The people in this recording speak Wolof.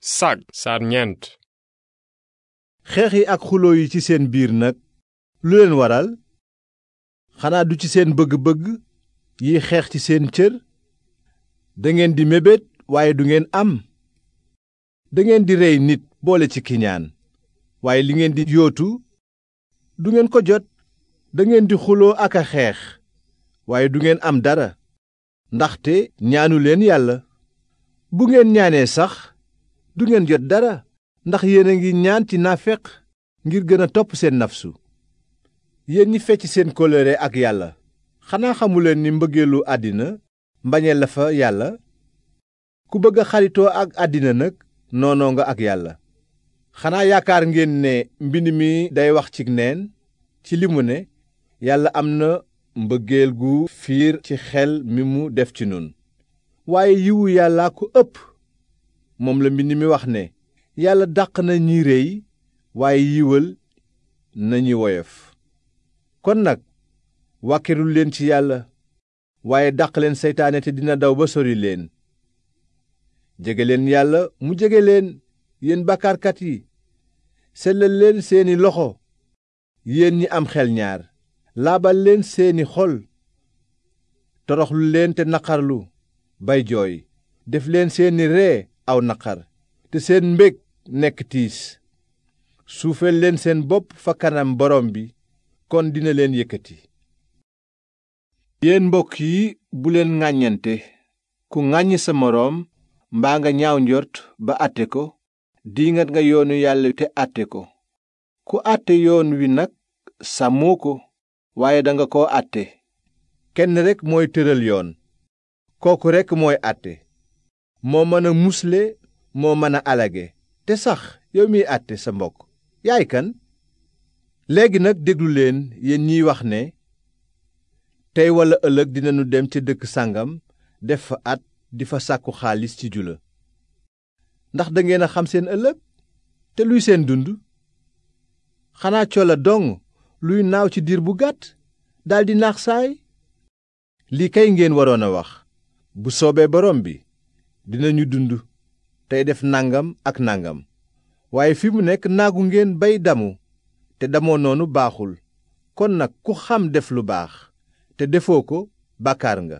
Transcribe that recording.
sag saar xeex yi ak xuloo yi ci seen biir nag lu leen waral xanaa du ci seen bëgg-bëgg yi xeex ci seen cër dangeen di mébét waaye du ngeen am dangeen di rey nit boole ci kiñaan waaye li ngeen di yootu du ngeen ko jot dangeen di xuloo ak a xeex waaye du ngeen am dara ndaxte ñaanu leen yàlla bu ngeen ñaanee sax du ngeen jot dara ndax yéen a ngi ñaan ci naafeq ngir gën a topp seen nafsu yéen ñi fecc seen kóllëre ak yàlla xanaa xamuleen ni mbëggeelu àddina mbañee la fa yàlla ku bëgg a xaritoo ak àddina nag noonoo nga ak yàlla xanaa yaakaar ngeen ne mbind mi day wax ci neen ci li mu ne yàlla am na mbëggeel gu fiir ci xel mi mu def ci nun waaye yiwu yàlla ku ëpp moom la mbind mi wax ne yàlla dàq na ñi réy waaye yiwal na ñi woyof kon nag wàkkirul leen ci yàlla waaye dàq leen seytaane te dina daw ba sori leen jege leen yàlla mu jege leen yéen bàkkaarkat yi sellal leen seeni loxo yéen ñi am xel ñaar laabal leen seeni xol toroxlu leen te naqarlu bay jooy def leen seeni ree aw naqar te seen mbég nekk tiis leen seen bopp fa kanam borom bi kon dina leen yëkkati yéen mbokk yi bu leen ŋàññante ku ŋàññ sa moroom mbaa nga ñaaw njort ba àtte ko diingat nga yoonu yàlla te àtte ko ku àtte yoon wi nag sàmmoo ko waaye danga ko àtte kenn rekk mooy tëral yoon kooku rekk mooy àtte moo mën a musle moo mën a alage te sax yow miy àtte sa mbokk yaay kan léegi nag déglu leen yéen ñiy wax ne tey walla ëllëg dinañu dem ca dëkk sàngam def fa at di fa sàkku xaalis ci jula ndax dangeen a xam seen ëllëg te luy seen dund xanaa cola dong luy naaw ci diir bu gàtt daldi naax saay lii kay ngeen waroon a wax bu soobee borom bi dinañu dund tey def nangam ak nangam waaye fi mu nekk naagu ngeen bay damu te damoo noonu baaxul kon nag ku xam def lu baax te defoo ko bàkkaar nga